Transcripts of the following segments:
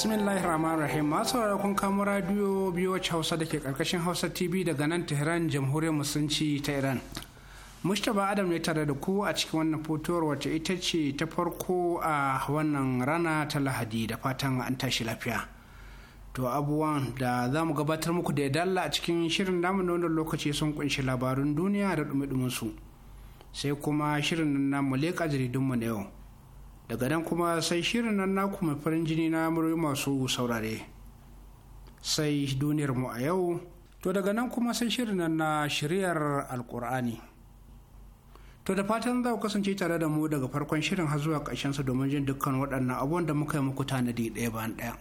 bismillahir rahman rahim masu kun radiyo radio biyu hausa da ke karkashin hausa tv daga nan tehran jamhuriyar musulunci ta iran mustapha adam ne tare da ku a cikin wannan fotowar wacce ita ce ta farko a wannan rana ta lahadi da fatan an tashi lafiya to abubuwan da za mu gabatar muku da ya dalla a cikin shirin namu na wannan lokaci sun kunshi labarun duniya da dumi su sai kuma shirin namu leƙa jaridunmu na yau daga nan kuma sai shirin nan naku mai farin jini na muryoyi masu saurare sai duniyar mu a yau to daga nan kuma sai shirin nan na shiryar alkur'ani to da fatan za ku kasance tare da mu daga farkon shirin har zuwa karshen sa domin jin dukkan waɗannan abubuwan da muka yi muku tanadi ɗaya bayan ɗaya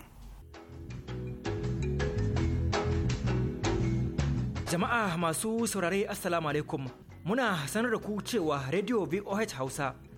jama'a masu saurare assalamu alaikum muna sanar da ku cewa radio voh hausa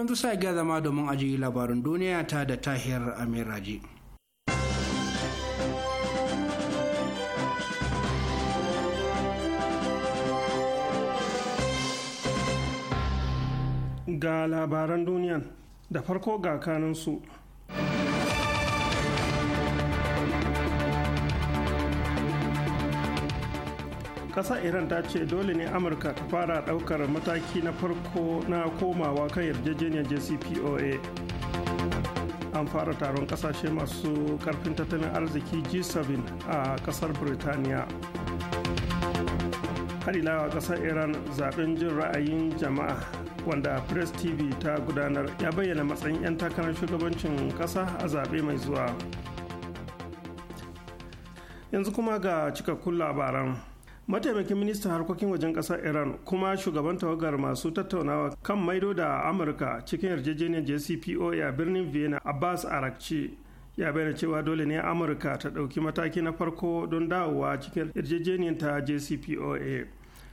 yanzu sa ga zama domin ajiye labarin duniya ta da tahir amin raji. ga labaran duniyan da farko ga kanansu ƙasar iran ta ce dole ne amurka ta fara ɗaukar mataki na farko na komawa kan yarjejeniyar jcpoa an fara taron ƙasashe masu karfin tattalin arziki g7 a ƙasar birtaniya har ila ƙasar iran zaben jin ra'ayin jama'a wanda press tv ta gudanar ya bayyana matsayin 'yan takarar shugabancin ƙasa a zaɓe mai zuwa yanzu kuma ga cikakkun labaran mataimakin ministan harkokin wajen ƙasar iran kuma shugaban tawagar masu tattaunawa kan maido da amurka cikin yarjejeniyar jcpoa a birnin vienna abbas arakci ya bayyana cewa dole ne amurka ta ɗauki mataki na farko don dawowa cikin yarjejeniyar ta jcpoa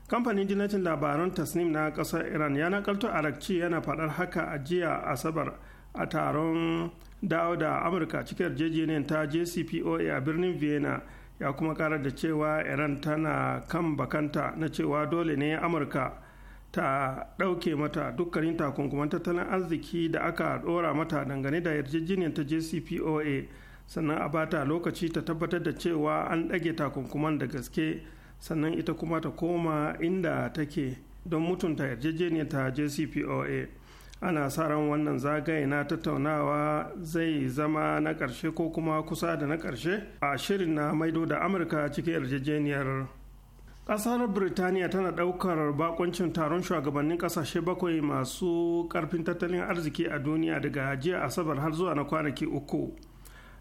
kamfanin jinacin labaran tasnim na kasar iran ya nakalto arakci yana faɗar haka a jiya asabar a taron dawo da amurka cikin yarjejeniyar ta jcpoa a birnin vienna ya kuma kara da cewa iran tana kan bakanta na cewa dole ne amurka ta ɗauke mata dukkanin takunkuman tattalin arziki da aka ɗora mata dangane da yarjejeniyar ta jcpoa sannan a bata lokaci ta tabbatar da cewa an ɗage takunkuman da gaske sannan ita kuma ta koma inda take don mutunta yarjejeniyar ta jcpoa ana sa ran wannan zagaye na tattaunawa zai zama na ƙarshe ko kuma kusa da na ƙarshe a shirin na maido da amurka cikin yarjejeniyar ƙasar birtaniya tana ɗaukar bakoncin taron shugabannin ƙasashe bakwai masu ƙarfin tattalin arziki a duniya daga jiya asabar har zuwa na kwanaki uku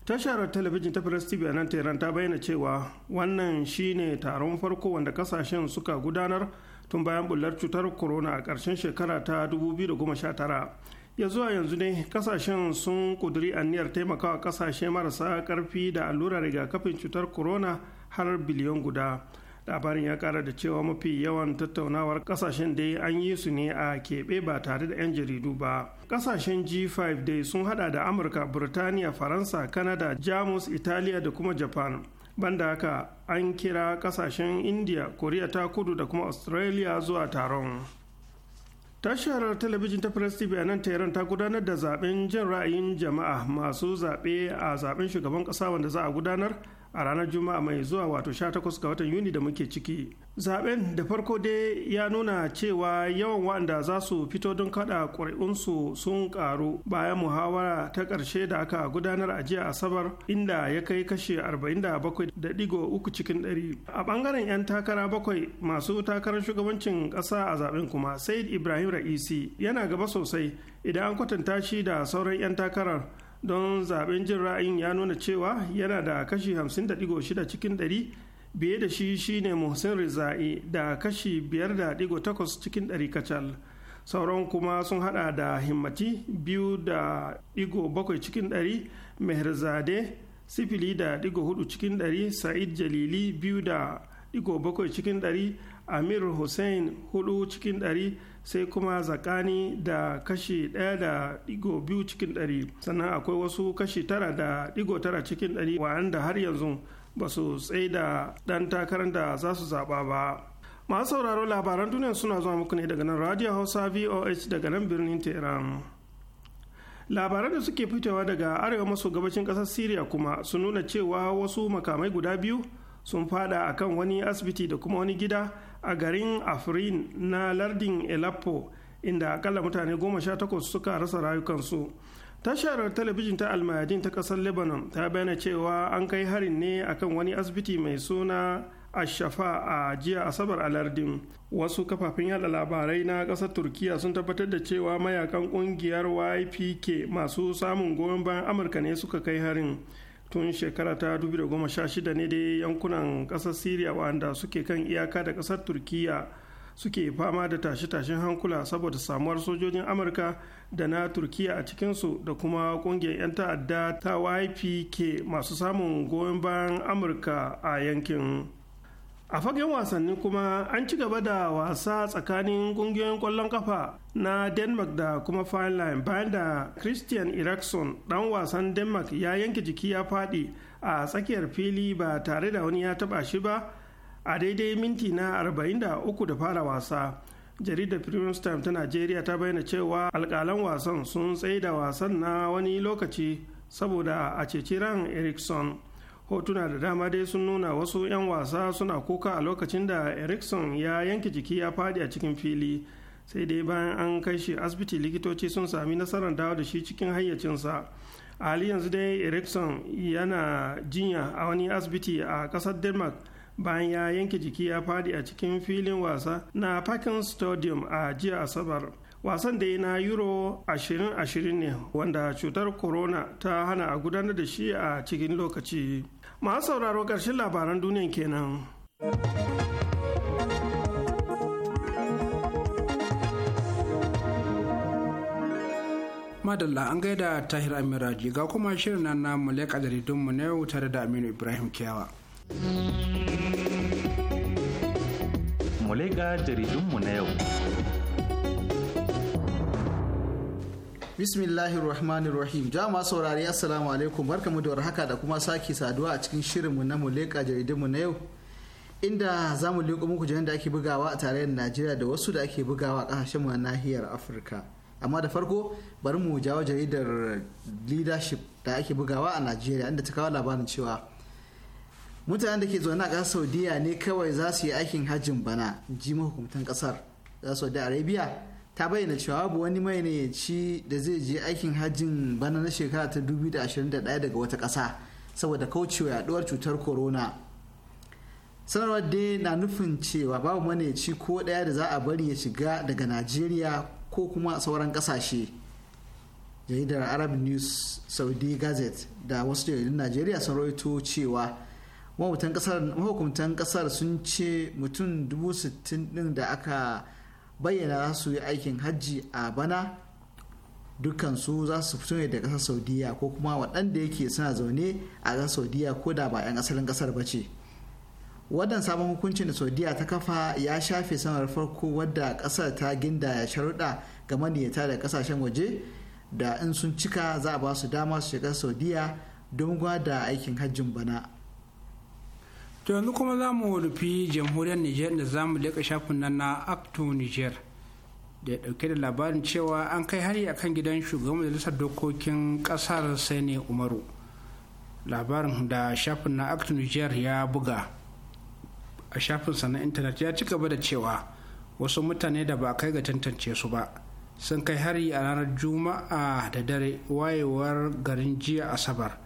tashar talabijin ta press tv a nan ta bayyana cewa wannan shine taron farko wanda ƙasashen suka gudanar tun bayan bullar cutar corona a ƙarshen shekara ta 2019 ya zuwa yanzu ne kasashen sun kuduri aniyar taimakawa kasashe marasa ƙarfi da allurar rigakafin cutar corona har biliyon guda labarin ya kara da cewa mafi yawan tattaunawar kasashen dai an yi su ne a keɓe ba tare da 'yan jaridu ba kasashen g5 dai sun hada da amurka burtaniya faransa kanada jamus italiya da kuma japan banda haka an kira kasashen india korea ta kudu da kuma australia zuwa taron tashar talabijin ta press tv a nan tehran ta gudanar da zaben jin ra'ayin jama'a masu zaɓe a zaben shugaban ƙasa wanda za a gudanar a ranar juma'a mai zuwa wato 18 ga watan yuni da muke ciki zaben da farko dai ya nuna cewa yawan waɗanda za su fito don kada ƙuri'unsu sun ƙaru bayan muhawara ta ƙarshe da aka gudanar a jiya asabar inda ya kai kashe 47.3 cikin 100 a ɓangaren 'yan takara bakwai masu takarar shugabancin ƙasa a zaben kuma said ibrahim ra'isi yana gaba sosai idan an kwatanta shi da sauran 'yan takarar don zaben jin ra'ayin ya nuna cewa yana da kashi 50.6 cikin biye da shi shine muhsin rizai da kashi 5.8 cikin dari kacal sauran kuma sun hada da himmati biyu da digo bakwai cikin dari meherzade sifili da digo hudu cikin dari sa'id jalili biyu da digo bakwai cikin dari amir hussein hudu cikin dari sai kuma zakani da kashi daya da digo biyu cikin dari sannan akwai wasu kashi tara da digo tara cikin dari wa'anda har yanzu ba su da ɗan takarar da za su zaba ba masu sauraro labaran duniya suna zuwa muku ne daga nan radio hausa voh daga nan birnin tehran labaran da suke fitowa daga arewa maso gabashin kasar syria kuma su nuna cewa wasu makamai guda biyu sun fada akan wani asibiti da kuma wani gida a garin afrin na lardin elapo inda akalla mutane goma sha takwas suka rasa rayukansu tashar talabijin ta almayadin ta kasar lebanon ta bayyana cewa an kai harin ne akan wani asibiti mai suna ashafa a jiya asabar a lardin wasu kafafen yada labarai na kasar turkiya sun tabbatar da cewa mayakan kungiyar ypk masu samun goyon bayan amurka ne suka kai harin tun shekara ta 2016 ne dai yankunan kasar syria wanda suke kan iyaka da kasar turkiya suke fama da tashe-tashen hankula saboda samuwar sojojin amurka da na turkiya a cikinsu da kuma kungiyar 'yan ta'adda ta ypk masu samun goyon bayan amurka a yankin a fagen wasanni kuma an ci gaba da wasa tsakanin kungiyoyin kwallon kafa na denmark da kuma finland bayan da christian erikson dan wasan denmark ya yanke jiki ya fadi a tsakiyar fili ba tare da wani ya taba shi ba a daidai minti na 43 da fara wasa jaridar Prince time ta najeriya ta bayyana cewa alkalan wasan sun tsaida wasan na wani lokaci saboda a ceci ran erickson hotuna da dama dai sun nuna wasu 'yan wasa suna kuka a lokacin da erickson ya yanke jiki ya fadi a cikin fili sai dai bayan an kai shi asibiti likitoci sun sami nasarar dawo da shi cikin hayyacinsa a hali yanzu dai erickson yana jinya a wani asibiti a kasar denmark bayan ya yanke jiki ya fadi a cikin filin wasa na Parkin Stadium a jiya Asabar. Wasan da na Euro 2020 ne wanda cutar corona ta hana a gudanar da shi a cikin lokaci. Masu sauraro ƙarshen labaran duniyan kenan. madalla an gaida tahir amiraji ga kuma shirin na mulek a jaridunmu na yau tare da aminu ibrahim kiyawa Mulega jaridunmu na yau. Bismillahir Rahmanir Rahim. saurari Assalamu alaikum barkamu da warhaka da kuma sake saduwa a cikin shirinmu na Muleka jaridunmu na yau. Inda za mu leƙo muku jiran da ake bugawa a tarayyar Najeriya da wasu da ake bugawa a mu na nahiyar Afirka. Amma da farko bari mu jawo jaridar leadership da ake bugawa a Najeriya inda ta kawo labarin cewa mutanen da ke zaune a ƙasar saudiya ne kawai za su yi aikin hajjin bana ji mahukuntan kasar za saudi arabia ta bayyana cewa babu wani mai ci da zai je aikin hajjin bana na shekara ta da daya daga wata ƙasa saboda kaucewa yaduwar cutar corona sanarwar dai na nufin cewa babu ci ko ɗaya da za a bari ya shiga daga najeriya ko kuma sauran kasashe jaridar arab news saudi gazette da wasu jaridun najeriya sun rawaito cewa mahukuntan kasar sun ce mutum 60,000 din da aka bayyana za su yi aikin hajji a bana su za su fito ne daga kasar saudiya ko kuma waɗanda yake suna zaune a ƙasar saudiya ko da ba 'yan asalin ƙasar ba ce wannan sabon hukuncin da saudiya ta kafa ya shafe sanar farko wadda kasar ta ginda ya sharuɗa ga maniyata da kasashen waje da in sun cika za a ba su dama su shiga saudiya don gwada aikin hajjin bana to yanzu kuma za mu rufi jamhuriyar niger da za mu leƙa shafin nan na acto niger da ya ɗauke da labarin cewa an kai hari a kan gidan shugaban majalisar dokokin ƙasar sani umaru labarin da shafin na acto niger ya buga a shafinsa na intanet ya ci gaba da cewa wasu mutane da ba kai ga tantance su ba sun kai hari a ranar juma'a da dare wayewar garin jiya asabar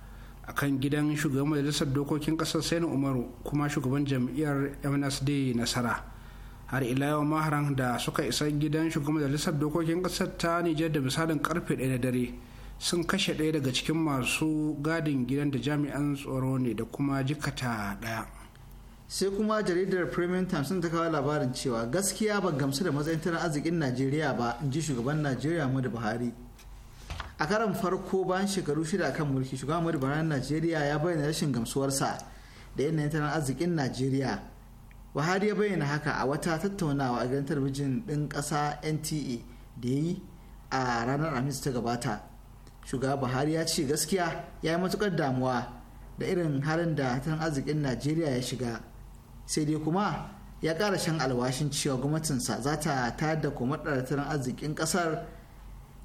a kan gidan shugaban majalisar dokokin kasar sani umaru kuma shugaban jam'iyyar msd nasara har ila yau maharan da suka isa gidan shugaban majalisar dokokin kasar ta nijar da misalin karfe ɗaya na dare sun kashe ɗaya daga cikin masu gadin gidan da jami'an tsaro ne da kuma jikata ɗaya sai kuma jaridar premium times sun ta kawo labarin cewa gaskiya ba gamsu da matsayin tattalin arzikin najeriya ba in ji shugaban najeriya da buhari a karan farko bayan shekaru shida kan mulki shugaban muhammadu buhari najeriya ya bayyana rashin gamsuwarsa da yanayin tattalin arzikin najeriya buhari ya bayyana haka a wata tattaunawa a gidan talabijin din ƙasa nta da ya yi a ranar alhamis ta gabata shugaba buhari ya ce gaskiya ya yi matukar damuwa da irin harin da tattalin arzikin najeriya ya shiga sai dai kuma ya ƙara shan alwashin cewa gwamnatinsa za ta tayar da tattalin arzikin ƙasar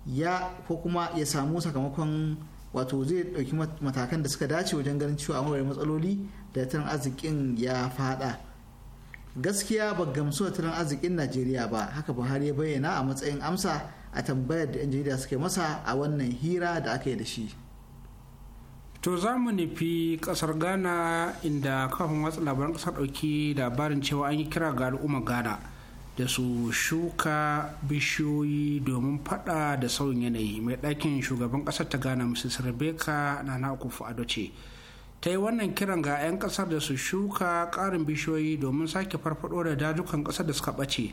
ya ko kuma ya samu sakamakon wato zai dauki matakan da suka dace wajen ganin cewa amurwar matsaloli da tattalin arzikin ya fada gaskiya ba gamsu da tattalin arzikin najeriya ba haka buhari ya bayyana a matsayin amsa a tambayar da 'yan jarida suka masa a wannan hira da aka yi da shi to za mu nufi kasar ghana inda kafin watsa labaran kasar ɗauki labarin cewa an yi kira ga al'umma ghana da su shuka bishiyoyi domin fada da sauyin yanayi mai ɗakin shugaban ƙasar ta ghana mrs rebecca na nakufu ado ce ta yi wannan kiran ga 'yan ƙasar da su shuka ƙarin bishiyoyi domin sake farfado da dajukan ƙasar da suka ɓace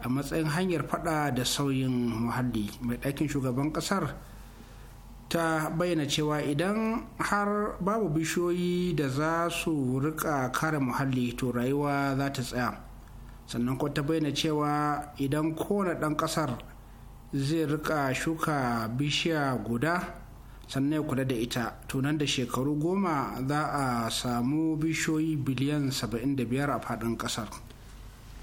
a matsayin hanyar fada da sauyin muhalli mai ɗakin shugaban ƙasar ta bayyana cewa idan har babu bishiyoyi da za su rika kare muhalli to rayuwa za ta tsaya sannan ko ta bayyana cewa idan kowane ɗan ƙasar zai rika shuka bishiya guda sannan ya kula da ita tunan da shekaru goma za a samu bishiyoyi biliyan 75 a faɗin ƙasar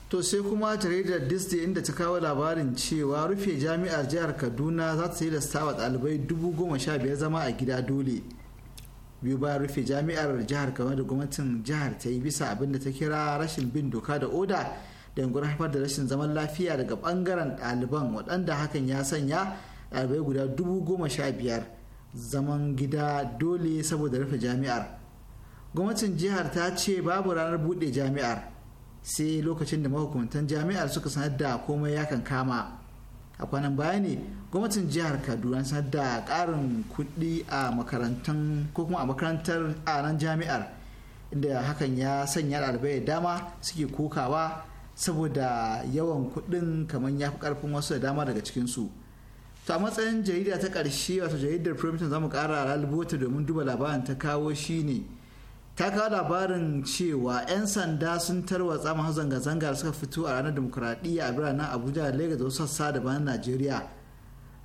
to sai kuma jaridar disney inda ta kawo labarin cewa rufe jami'ar jihar kaduna za ta yi da sawa ɗalibai biyar zama a gida dole biyu bayan rufe jami'ar jihar kaduna da gwamnatin jihar ta yi bisa abin da ta kira rashin bin doka da oda da yunkurin haifar da rashin zaman lafiya daga bangaren ɗaliban waɗanda hakan ya sanya ɗalibai guda dubu goma sha biyar zaman gida dole saboda rufe jami'ar gwamnatin jihar ta ce babu ranar buɗe jami'ar sai lokacin da mahukuntan jami'ar suka sanar da komai ya kan kama a kwanan baya ne gwamnatin jihar kaduna sanar da ƙarin kuɗi a makarantun ko kuma a makarantar a nan jami'ar inda hakan ya sanya ɗalibai dama suke kokawa saboda yawan kuɗin kamar ya fi ƙarfin wasu da dama daga cikinsu to a matsayin jarida ta karshe wato jaridar primington zamu kara ƙara ralbota domin duba labarin ta kawo shi ne. ta kawo labarin cewa 'yan sanda sun tarwatsa masu zanga-zanga suka fito a ranar demokuraɗiyya a biranen abuja da lagos da wasu sassa daban najeriya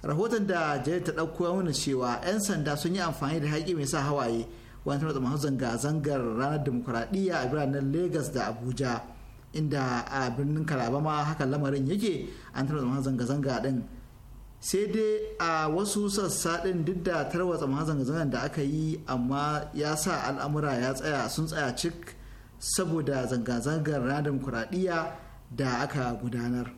rahoton da jaridar ta ɗauko ya nuna cewa 'yan sanda sun yi amfani da haƙi mai sa hawaye wani tarwatsa masu zanga-zangar ranar demokuraɗiyya a biranen lagos da abuja inda a birnin kalaba ma hakan lamarin yake an tarwatsa zanga-zanga din sai dai a wasu sassa din duk da tarwatsa zanga zanga da aka yi amma ya sa al'amura ya tsaya sun tsaya cik saboda zanga-zangar na demokuraɗiyya da aka gudanar.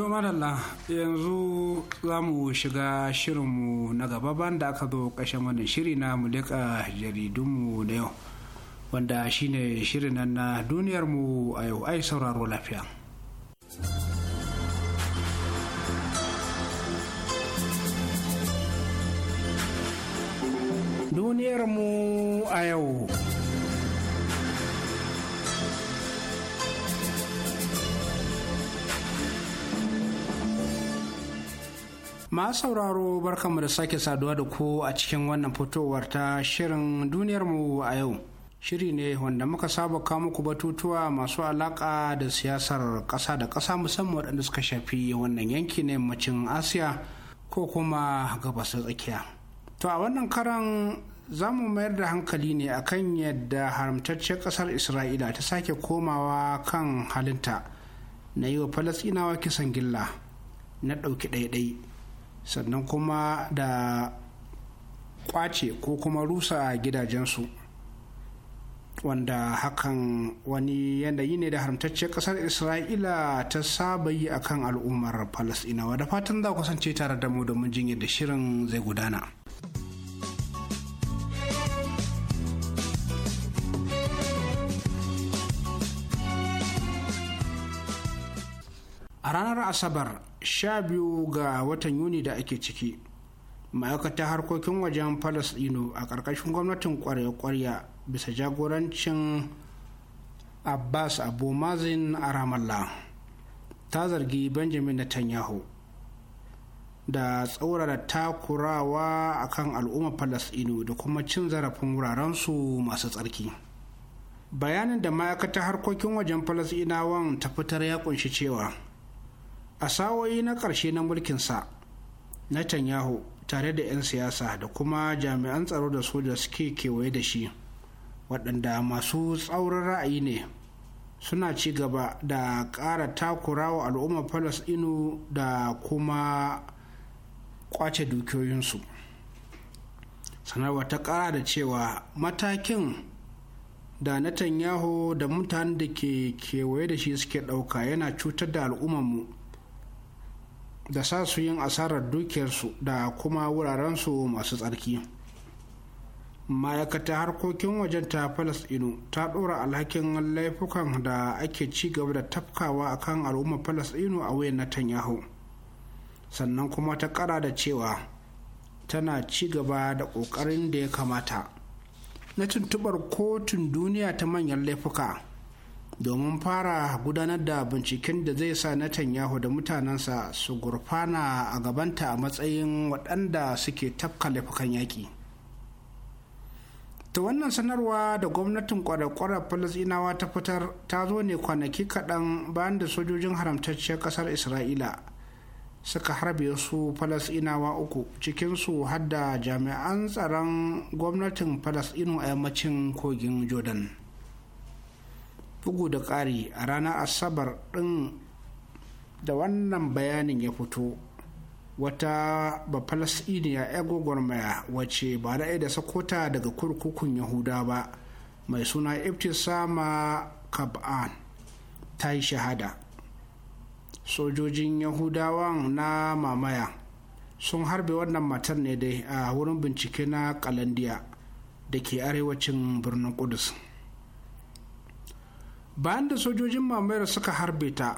To madalla yanzu za mu shiga shirinmu na gaba banda aka zo ƙashen wannan shiri na mulika jaridunmu na yau wanda shine shirin nan na duniyarmu a yau ai sauraro lafiya. Duniyarmu a yau. Ma sauraro barkanmu da sake saduwa da ku a cikin wannan fitowar ta shirin duniyarmu a yau. Shiri ne wanda muka saba kawo muku batutuwa masu alaƙa da siyasar ƙasa da ƙasa musamman waɗanda suka shafi wannan yanki na yammacin Asiya ko kuma gabas tsakiya. To a wannan karan za mu mayar da hankali ne akan yadda haramtacciyar ƙasar isra'ila ta sake komawa kan halinta na yi wa falasinawa kisan gilla na ɗauki ɗaiɗai sannan kuma da kwace ko kuma rusa a gidajensu wanda hakan wani yanayi ne da haramtacce kasar isra'ila ta saba yi akan al'ummar falasinawa da fatan za kusance tare da mu domin jin yadda shirin zai gudana a ranar asabar 12 ga watan yuni da ake ciki ma'aikatar harkokin wajen falasdino a ƙarƙashin gwamnatin ƙwarya-ƙwarya bisa jagorancin abbas abu mazin a ramallah ta zargi benjamin netanyahu da tsaurara takurawa a akan al'ummar falasdino da kuma cin zarafin wurarensu masu tsarki bayanin da ma'aikatar harkokin wajen falasdinawan ta fitar ya kunshi cewa a sawoyi na ƙarshe na mulkin mulkinsa Tanyahu tare da 'yan siyasa da kuma jami'an tsaro da su da suke kewaye da shi waɗanda masu tsaurin ra'ayi ne suna ci gaba da ƙara takurawa wa al'ummar falasɗinu da kuma ƙwace dukiyoyinsu sanarwa ta ƙara da cewa matakin da Netanyahu da mutanen da ke kewaye da shi suke ɗauka yana cutar da al'ummar mu. da sa su yin asarar dukiyarsu da kuma wurarensu masu tsarki ma'aikatar harkokin wajen ta falasɗinu ta ɗora alhakin laifukan da ake ci gaba da tafkawa a kan al'ummar falasɗinu a wayan netanyahu sannan kuma ta ƙara da cewa tana ci gaba da ƙoƙarin da ya kamata na tuntubar kotun duniya ta manyan laifuka domin fara gudanar da binciken da zai sa na Netanyahu da mutanensa su gurfana a gabanta a matsayin waɗanda suke tafka laifukan yaƙi. Ta wannan sanarwa da gwamnatin kwarar Falasɗinawa ta fitar ta zo ne kwanaki kaɗan bayan da sojojin haramtacciyar ƙasar Isra'ila suka harbe su Falasɗinawa uku cikinsu hadda jami'an tsaron gwamnatin Falasɗinu a yammacin kogin Jordan. bugu da ƙari a ranar asabar ɗin da wannan bayanin ya fito wata bafalasiniya ya gwagwarmaya wace ba da da sakota daga kurkukun yahuda ba mai suna iftisama kab'an ta yi shahada sojojin yahudawan na mamaya sun harbe wannan matar ne dai a wurin bincike na kalandiya da ke arewacin birnin kudus bayan da sojojin mamayar suka harbe ta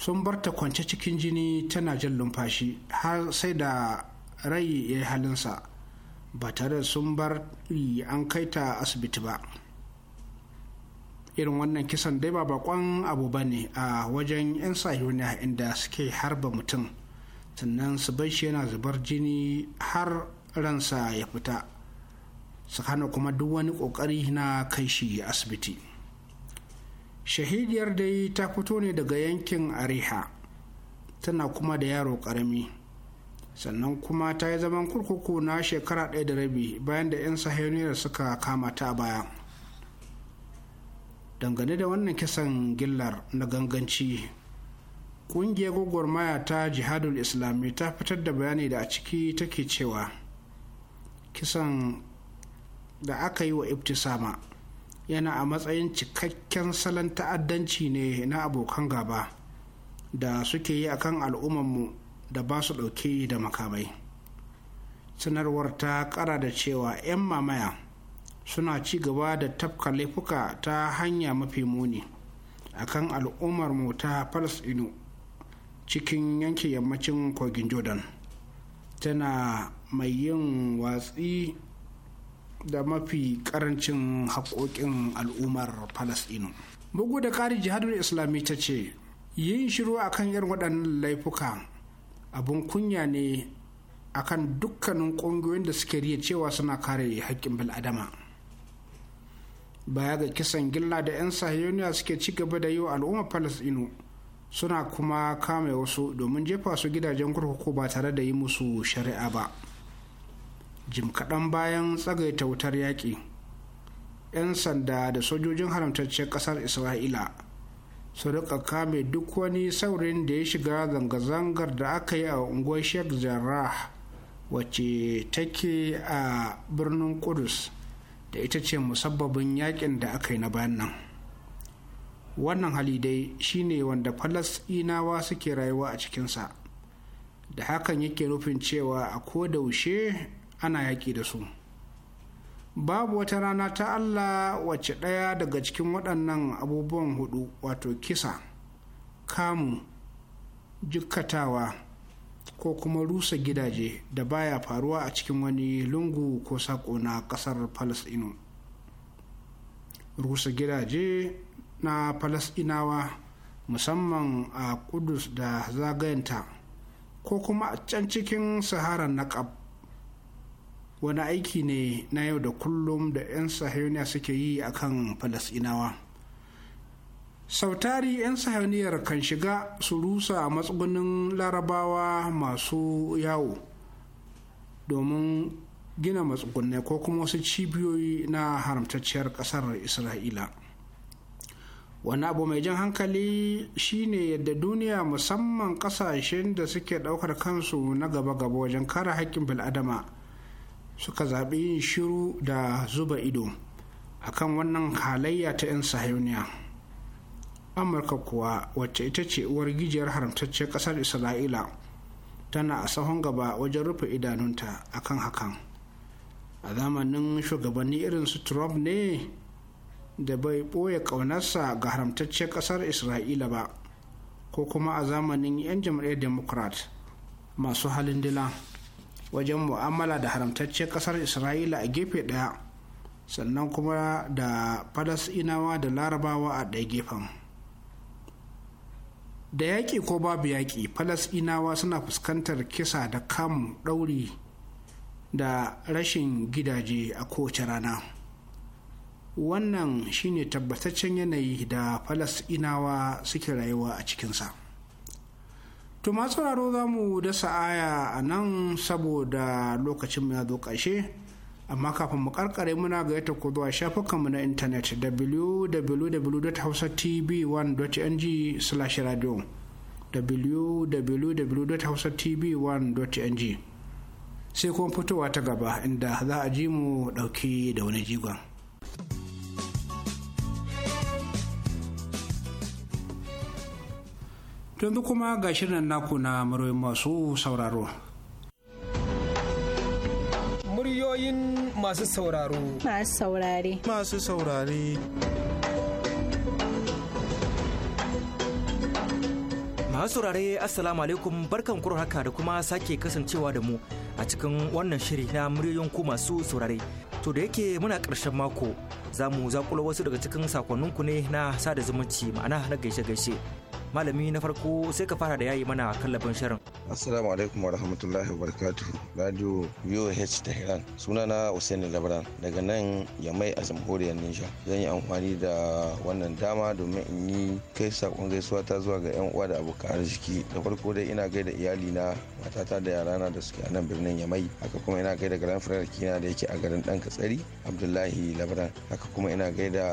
sun bar ta kwance cikin jini tana jan lumfashi har sai da rai ya yi halinsa ba tare da sun bar an kai ta asibiti ba irin wannan kisan dai ba bakon abu ba ne a wajen 'yan sahiyoniya inda suke harba mutum sannan su bai shi yana zubar jini har ransa ya fita su hana kuma duk wani kokari na kai shi asibiti shahidiyar dai ta fito ne daga yankin ariha tana kuma da yaro karami sannan kuma ta yi zaman kurkuku na shekara ɗaya da rabi bayan da 'yan saheliyar suka kama ta baya dangane da wannan kisan gillar na ganganci ƙungiyar gwagwarmaya ta jihadul islami ta fitar da bayani da a ciki take cewa kisan da aka yi wa ibtisama yana a matsayin cikakken salon ta'addanci ne na abokan gaba da suke yi akan mu da ba su ɗauke da makamai sanarwar ta kara da cewa 'yan mamaya suna ci gaba da tafka laifuka ta hanya mafi muni akan al'ummarmu ta falasɗinu cikin yanke yammacin kogin jordan tana mai yin watsi da mafi karancin haƙoƙin al'ummar falasɗinu bugu da ƙari jihadar islami ta ce yin shiru akan yin waɗannan laifuka abin kunya ne akan dukkanin ƙungiyoyin da suke riya cewa suna kare haƙƙin bil'adama baya ga kisan gilla da 'yan sahiyoniya suke ci gaba da yi wa al'ummar falasɗinu suna kuma kame wasu domin jefa su gidajen kurkuku ba tare da yi musu shari'a ba. jim kaɗan bayan tsagaita wutar yaƙi 'yan sanda da sojojin haramtaccen ƙasar isra'ila su rika kame duk wani saurin da ya shiga zanga-zangar da aka yi a unguwar sheikh jarrah wacce take a birnin kudus da ita ce musabbabin yakin da aka yi na bayan nan wannan hali dai shine wanda falasɗinawa suke rayuwa a cikinsa da hakan yake nufin cewa a kodaushe ana yaƙi da su babu wata rana ta allah wacce ɗaya daga cikin waɗannan abubuwan hudu wato kisa kamu jikkatawa ko kuma rusa gidaje da baya faruwa a cikin wani lungu ko saƙo na ƙasar falasɗinu rusa gidaje na falasɗinawa musamman a kudus da zagayenta ko kuma a can cikin na naƙab wani aiki ne na yau da kullum da 'yan sahiyoniya suke yi a kan falasinawa sautari 'yan sahiyoniyar kan shiga su rusa a matsugunin larabawa masu yawo domin gina matsugunai ko kuma wasu cibiyoyi na haramtacciyar ƙasar isra'ila wani abu mai jan hankali shine yadda duniya musamman kasashen da suke daukar kansu na gaba-gaba wajen kare haƙƙin bil'adama suka zaɓi yin shiru da zuba ido a kan wannan halayya ta 'yan sahiyoniya amurka kuwa wacce ita ce uwar gijiyar haramtacciyar ƙasar isra'ila tana a sahun gaba wajen rufe idanunta akan hakan a zamanin shugabanni irin su trump ne da bai ɓoye ƙaunarsa ga haramtacciyar ƙasar isra'ila ba ko kuma a zamanin 'yan jam'iyyar democrat masu halin dila. wajen mu'amala da haramtaccen kasar isra'ila a gefe ɗaya sannan kuma da falasinawa da larabawa a ɗaya gefen da yaƙi ko babu yaƙi falasinawa suna fuskantar kisa da kam ɗauri da rashin gidaje a kowace rana wannan shine tabbataccen yanayi da falasinawa suke rayuwa a cikinsa to masu sauraro za mu dasa aya a nan saboda lokacin ya zo ƙarshe amma kafin mu karkare muna ga yata ku zuwa shafukanmu na intanet www.hausatv1.ng/radio www.hausatv1.ng sai kuma fitowa ta gaba inda za a ji mu dauki da wani jigon. yanzu kuma ga shirin naku na muryoyin masu sauraro. Muryoyin masu sauraro. Masu saurare. Masu saurare. masu saurare assalamu alaikum barkan kuro haka da kuma sake kasancewa da mu a cikin wannan shiri na muryoyin ku masu saurare to da yake muna ƙarshen mako za mu zakulo wasu daga cikin sakonninku ne na sada zumunci ma'ana na gaishe-gaishe malami na farko sai ka fara da yayi mana kallafin shirin assalamu alaikum wa wabarakatuh radio voh tehran sunana usaini labaran daga nan yamai a jamhuriyar nisha zan yi amfani da wannan dama domin in yi kai sakon gaisuwa ta zuwa ga yan uwa da abokan arziki da farko dai ina gaida iyali na matata da yarana da suke a nan birnin yamai haka kuma ina gai da garan firar kina da yake a garin dan katsari abdullahi labaran haka kuma ina gai da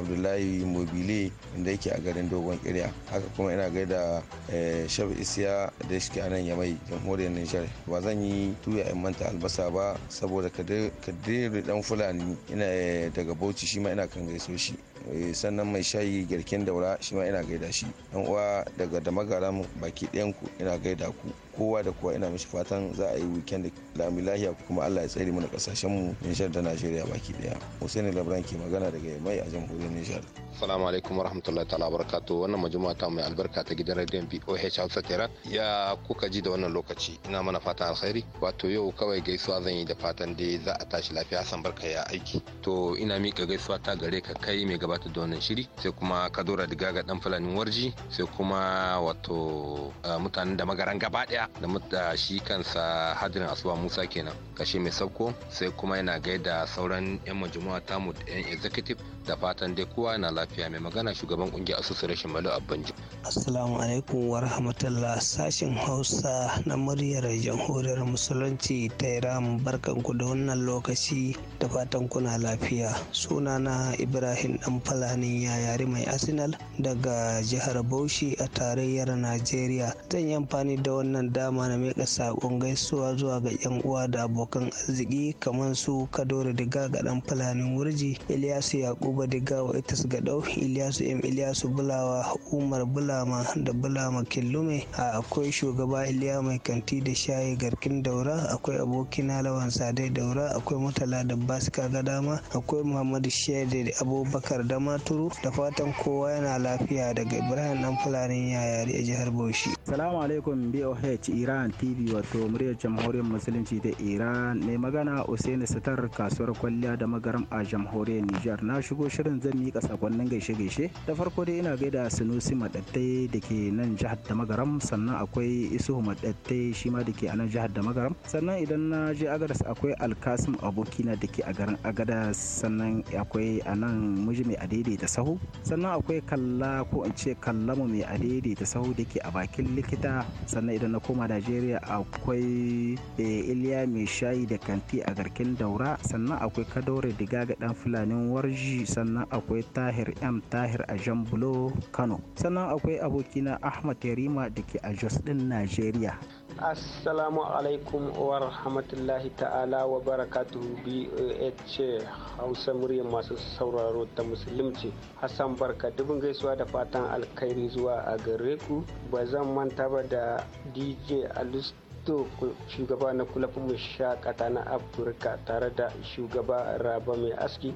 abdullahi mobile da yake a garin dogon kirya haka kuma ina gaida eh, shafi isiya da shi anan ya mai jamhuriyar nijar ba zan yi tuya in manta albasa ba saboda kadiri dan fulani ina eh, daga bauchi shi ma ina kan gaiso shi eh, sannan mai shayi garken daura shi ma ina gaida shi yan uwa daga damagaram baki ɗayan ku ina gaida ku kowa da kowa ina mishi fatan za a yi weekend da mu lahiya kuma Allah ya tsare mana kasashen mu Nijar da Najeriya baki daya Hussein Labran ke magana daga Mai a jamhuriyar Nijar Assalamu alaikum warahmatullahi ta'ala barakatuh wannan majuma ta mai albarka ta gidan Radio BOH Hausa Tehran ya kuka ji da wannan lokaci ina mana fata alkhairi wato yau kawai gaisuwa zan yi da fatan dai za a tashi lafiya san barka ya aiki to ina mika gaisuwa ta gare ka kai mai gabatar da wannan shiri sai kuma Kadora ga dan Fulani Warji sai kuma wato ah, mutanen da magaran gaba daya da shi kansa hadirin asuba musa kenan kashe mai sauko sai kuma yana gaida sauran yan majmu'a tamu da yan executive da fatan dai kowa na lafiya mai magana shugaban kungiyar rashin malu abbanji assalamu alaikum wa rahmatullah sashin hausa na muryar jamhuriyar musulunci ta iran barkan ku da wannan lokaci da fatan kuna lafiya sunana ibrahim dan falanin yayari mai arsenal daga jihar bauchi a tarayyar najeriya zan yi amfani da wannan dama na miƙa saƙon gaisuwa zuwa ga 'yan uwa da abokan arziki kamar su kadoro diga ga ɗan fulanin wurji iliyasu yakuba diga wa itas gadau iliyasu m iliyasu bulawa umar bulama da bulama killume a akwai shugaba iliya mai kanti da shayi garkin daura akwai abokina lawan sadai daura akwai mutala da basika ga dama akwai muhammadu da abubakar da maturu da fatan kowa yana lafiya daga ibrahim dan fulanin yayari a jihar bauchi salamu alaikum boh iran tv wato muryar jamhuriyar musulunci da iran mai magana usaini sitar kasuwar kwalliya da magaram a jamhuriyar nijar na shigo shirin zan miƙa sakonnin gaishe-gaishe da farko dai ina gaida sunusi madattai da ke nan jihar da magaram sannan akwai isuhu madattai shi ma da ke a nan jihar da magaram sannan idan na je agadas akwai alkasim abokina da ke a garin agadas sannan akwai a nan miji mai da sahu sannan akwai kalla ko in ce kallamu mai da sahu da ke a bakin likita sannan idan na koma najeriya akwai eh, iliya mai shayi da kanti a garkin daura sannan akwai kadore diga ga dan fulanin warji sannan akwai tahir m tahir a jambulo kano sannan akwai abokina ahmad yarima da ke a jos din najeriya assalamu alaikum wa rahmatullahi ta'ala wa barakatuhu bh hausa murya masu sauraro ta musulunci hassan barka dubin gaisuwa da fatan alkhairi zuwa a gare ku ba zan manta ba da dj alusto shugaba na kulafin mu shakata na afirka tare da shugaba raba mai aski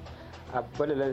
a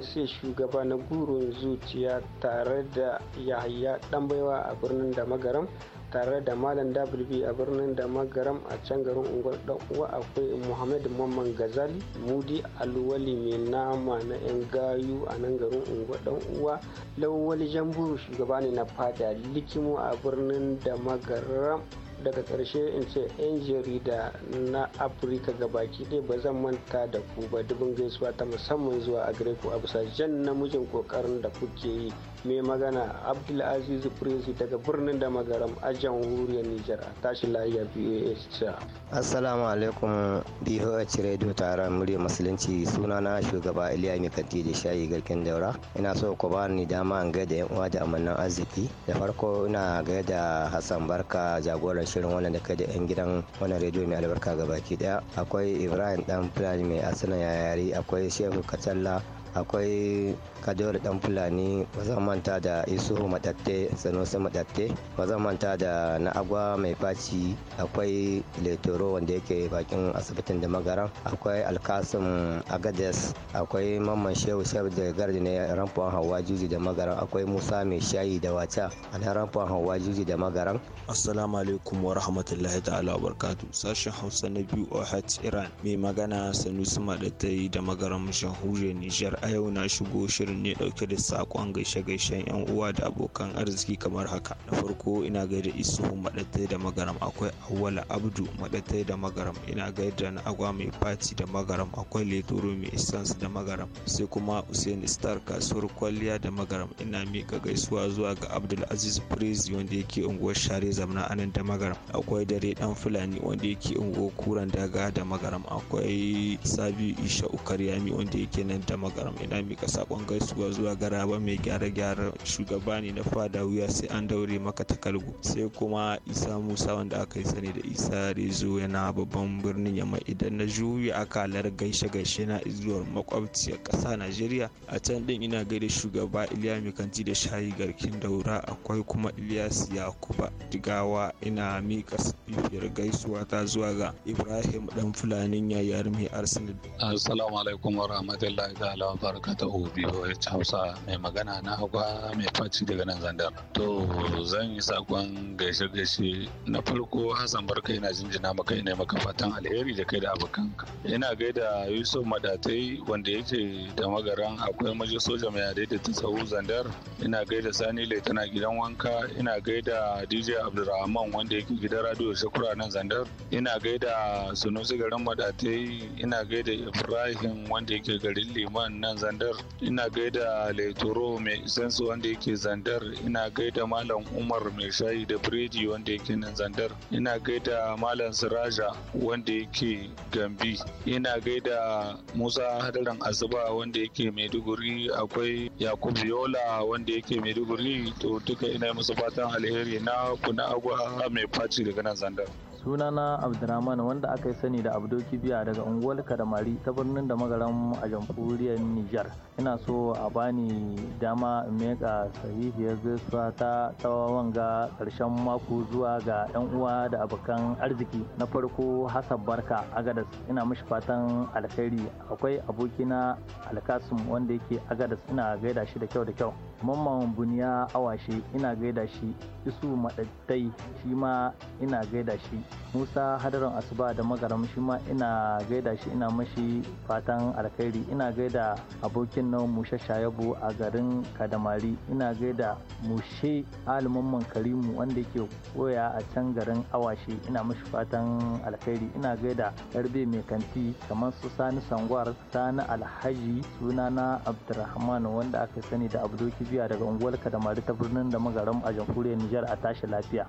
sai shugaba na gurun zuciya tare da yahaya dan baiwa a birnin da magaram tare da malam dabirbi a birnin da magaram a can garin unguwar dan uwa akwai muhammad mamman gazali mudi alwali mai nama na yan gayu a nan garin unguwar dan uwa lawali jamburu shugaba ne na fada likimo a birnin da magaram daga ƙarshe in ce 'yan jarida na afirka ga baki ɗaya ba zan manta da ku ba dubin gaisuwa ta musamman zuwa a gare ku a bisa jan namijin ƙoƙarin da kuke yi mai magana abdulaziz prince daga birnin da magaram a jamhuriyar nijar a tashin lahiya voh assalamu alaikum boh radio tara murya musulunci suna na shugaba iliya mai da shayi garkin daura ina so ku ba ni dama an gaida yan uwa da amannan arziki da farko ina gaida hassan barka jagoran shirin wannan da kai da yan gidan wannan radio mai albarka ga baki daya akwai ibrahim dan fulani mai asana yayari akwai shehu katsalla akwai kajawar dan fulani ba zan manta da isu madatte sanusi madatte ba zan manta da na agwa mai faci akwai letoro wanda yake bakin asibitin da magaran akwai alkasim agades akwai mamman shehu shehu da gardi ne rampon hawa juji da magaran akwai musa mai shayi da wata a na rampon hawa juji da magaran assalamu alaikum wa rahmatullahi ta'ala wa barkatu sashen hausa na biyu ohat iran mai magana sanusi madatte da magaran mashahuriyar nijar a yau na shigo shirin shirin ne dauke da sakon gaishe-gaishen yan uwa da abokan arziki kamar haka na farko ina gaida isuhu madatai da magaram akwai awwala abdu madatai da magaram ina gaida na agwa mai fati da magaram akwai leturo mai essence da magaram sai kuma hussein star kasuwar kwalliya da magaram ina mika gaisuwa zuwa ga abdul aziz prezi wanda yake unguwar share zamna anan da magaram akwai dare dan fulani wanda yake unguwar kuran daga da magaram akwai sabi isha ukaryami wanda yake nan da magaram ina mika sakon gaisuwa gaisuwa zuwa Garaba mai gyare-gyare shugaba ne na fada wuya sai an daure maka takalgo sai kuma isa musa wanda aka yi sani da isa rezo yana babban birnin yamma idan na juya akalar gaishe-gaishe na izuwar makwabciya ƙasa najeriya a can din ina gaida shugaba iliya kanti da shayi garkin daura akwai kuma ilyas yakuba digawa ina miƙa sifiyar gaisuwa ta zuwa ga ibrahim dan fulanin yayar mai arsenal assalamu alaikum wa rahmatullahi ta'ala wa barakatuhu ta hausa mai magana na hagwa mai faci daga nan zandar to zan yi sakon gaishe gaishe na farko hassan barka yana jinjina maka ina maka fatan alheri da kai da abokanka ina gaida yusuf madatai wanda yake da magaran akwai maji soja mai adai da ta tsawo zandar ina gaida sani laitana gidan wanka ina gaida dj abdulrahman wanda yake gidan radio shakura nan zandar ina gaida sunusi garin madatai ina gaida ibrahim wanda yake garin liman nan zandar ina gaida Laitoro mai isansu wanda yake Zandar, ina gaida Malam Umar mai shayi da biredi wanda yake nan Zandar, ina gaida Malam Siraja wanda yake Gambi, ina gaida Musa hadarin Azuba wanda yake Maiduguri, akwai yakub Yola wanda yake Maiduguri, to duka ina musu fatan alheri na kuna agwa mai faci daga nan Zandar. sunana abdurrahman wanda aka yi sani da abdo kibiya daga unguwar kadamari ta birnin da magaran a jamhuriyar nijar ina so a bani dama in meka sahihiyar gaisuwa ta tsawon ga karshen mako zuwa ga yan uwa da abokan arziki na farko hassan barka agadas ina mishi fatan alkhairi akwai abokina alkasum wanda yake agadas ina gaida shi da kyau da kyau mamman buniya awashe ina gaida shi isu madattai shi ma ina gaida shi musa hadarin asuba da magaram shi ma ina gaida shi ina mashi fatan alkhairi ina gaida abokin nan mushe shayabu a garin kadamari ina gaida mushe alimamman karimu wanda yake koya a can garin awashe ina mashi fatan alkhairi ina gaida yarbe mai kanti kamar su sani sangwar sani alhaji sunana abdurrahman wanda aka sani da abdoki jiya daga unguwar kadamari ta birnin da magaram a jamhuriyar nijar a tashi lafiya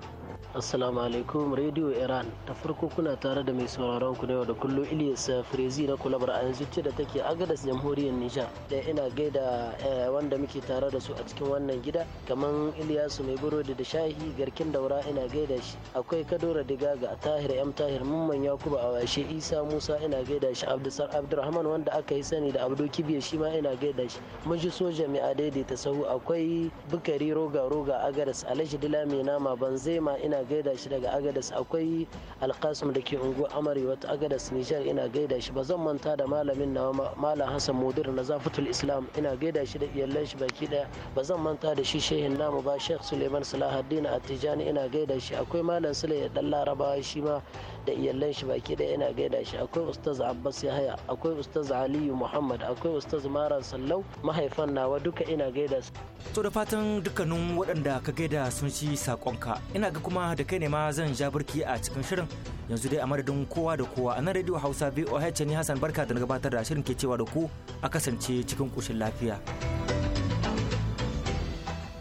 assalamu alaikum radio iran ta farko kuna tare da mai sauraron ku yau da kullum ilyas eh, frezi na kulabar a yanzu ce da take agadas jamhuriyar nijar da ina gaida eh, wanda muke tare da su a cikin wannan gida kamar Ilyas mai burodi da shahi garkin daura ina gaida shi akwai kadora diga a tahir m tahir mamman yakubu a washe isa musa ina gaida shi abdusar abdurrahman wanda aka yi sani da abdu kibiya shi ma ina gaida shi muji soja mai adaidaita sahu akwai bukari roga roga agadas alhaji dila mai nama banzema ina ina gaida shi daga agadas akwai alkasim da ke ungu amari wata agadas nijar ina gaida shi ba zan manta da malamin na malam hassan mudir na zafutul islam ina gaida shi da iyalan shi baki daya ba zan manta da shi shehin namu ba sheikh suleiman salahaddin a tijani ina gaida shi akwai malam sule ya dan larabawa shi ma da iyalan shi baki daya ina gaida shi akwai ustaz abbas yahaya akwai ustaz aliyu muhammad akwai ustaz maran sallau mahaifan nawa duka ina gaida su to da fatan dukkanin waɗanda ka gaida sun ci sakonka ina ga kuma kuma da kai ne ma zan ja burki a cikin shirin yanzu dai a madadin kowa da kowa a nan radio hausa voh ne hassan barka da gabatar da shirin ke cewa da ku a kasance cikin kushin lafiya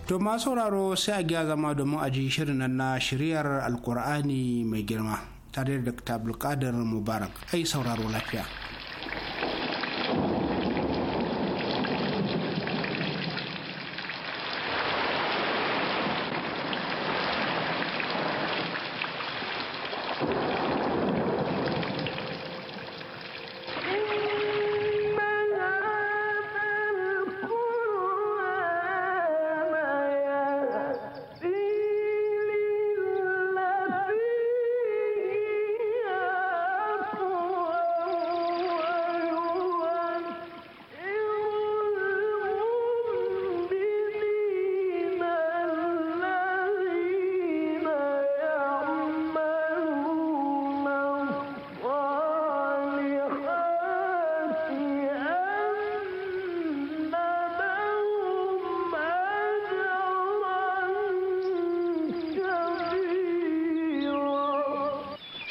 to ma sauraro sai a gya zama domin a ji shirin nan na shiryar alkur'ani mai girma tare da dr abdulkadir mubarak ai sauraro lafiya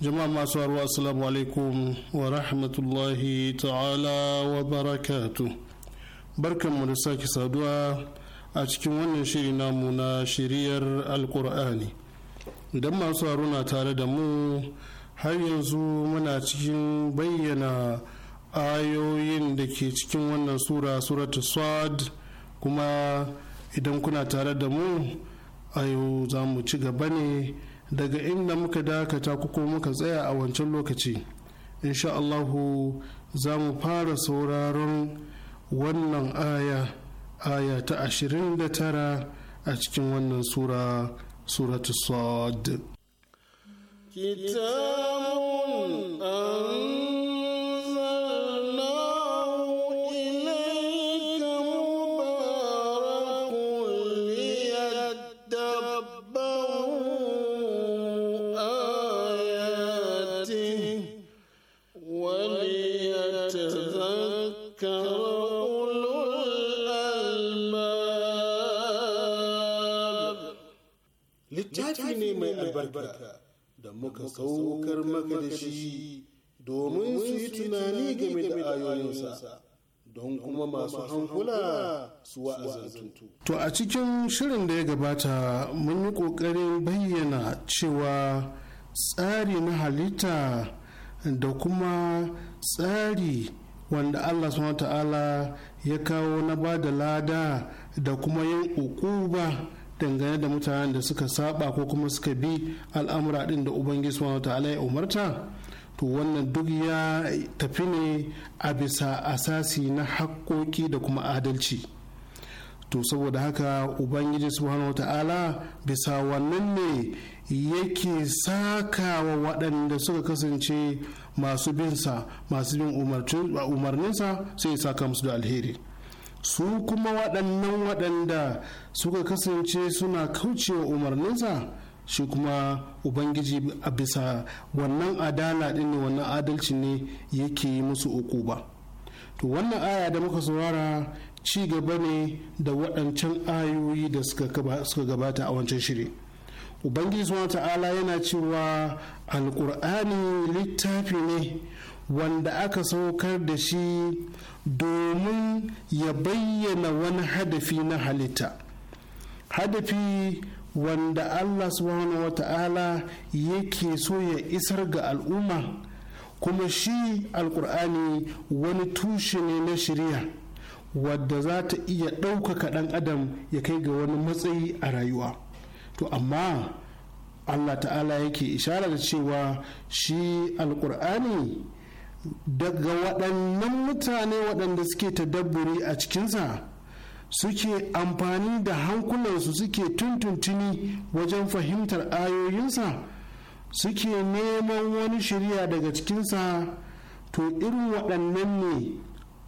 jama'a masu haruwa assalamu alaikum wa rahmatullahi ta'ala wa barakatu mu da sake saduwa a cikin wannan shiri namu na shiriyar alkur'ani idan masu na tare da mu har yanzu muna cikin bayyana ayoyin da ke cikin wannan sura suratu swad kuma idan kuna tare da mu a yau za mu ci gaba ne daga inda muka dakata kuko muka tsaya a wancan lokaci insha Allahu za mu fara sauraron wannan aya aya ta tara a cikin wannan sura suratu sad kitabun mai albarka da muka saukar maka da shi domin su yi tunani game da ayoyinsa don kuma masu hankula su wa'azantu. To a cikin shirin da ya gabata mun yi ƙoƙarin bayyana cewa tsari na halitta da kuma tsari wanda Allah subhanahu ta'ala ya kawo na ba da lada da kuma yin ukuba dangane da mutanen da suka saba ko kuma suka bi al'amura din da ubangiji subhanahu ta'ala ya umarta to wannan duk ya tafi ne a bisa asasi na haƙƙoƙi da kuma adalci to saboda haka ubangiji subhanahu ta'ala bisa wannan ne yake saka wa waɗanda suka kasance masu binsa masu bin umarninsa sai ya saka musu da alheri su kuma waɗannan waɗanda suka kasance suna kaucewa umarninsa shi kuma ubangiji a bisa wannan adala ɗin ne wannan adalci ne yake yi musu uku ba to wannan aya da muka saurara ci gaba ne da waɗancan ayoyi da suka gabata a wancan shiri ubangiji suna ta'ala yana cewa Alƙur'ani littafi ne wanda aka saukar da shi domin ya bayyana wani hadafi na halitta hadafi wanda allah subhanahu wa ta'ala yake so ya isar ga al'umma kuma shi alkur'ani wani tushe ne na shirya wadda za ta iya ɗaukaka ɗan adam ya kai ga wani matsayi a rayuwa to amma allah ta'ala yake ishara da cewa shi alkur'ani daga waɗannan mutane waɗanda suke tadabburi a cikinsa suke amfani da hankulansu suke tuntuntuni wajen fahimtar ayoyinsa suke neman wani shirya daga cikinsa to irin waɗannan ne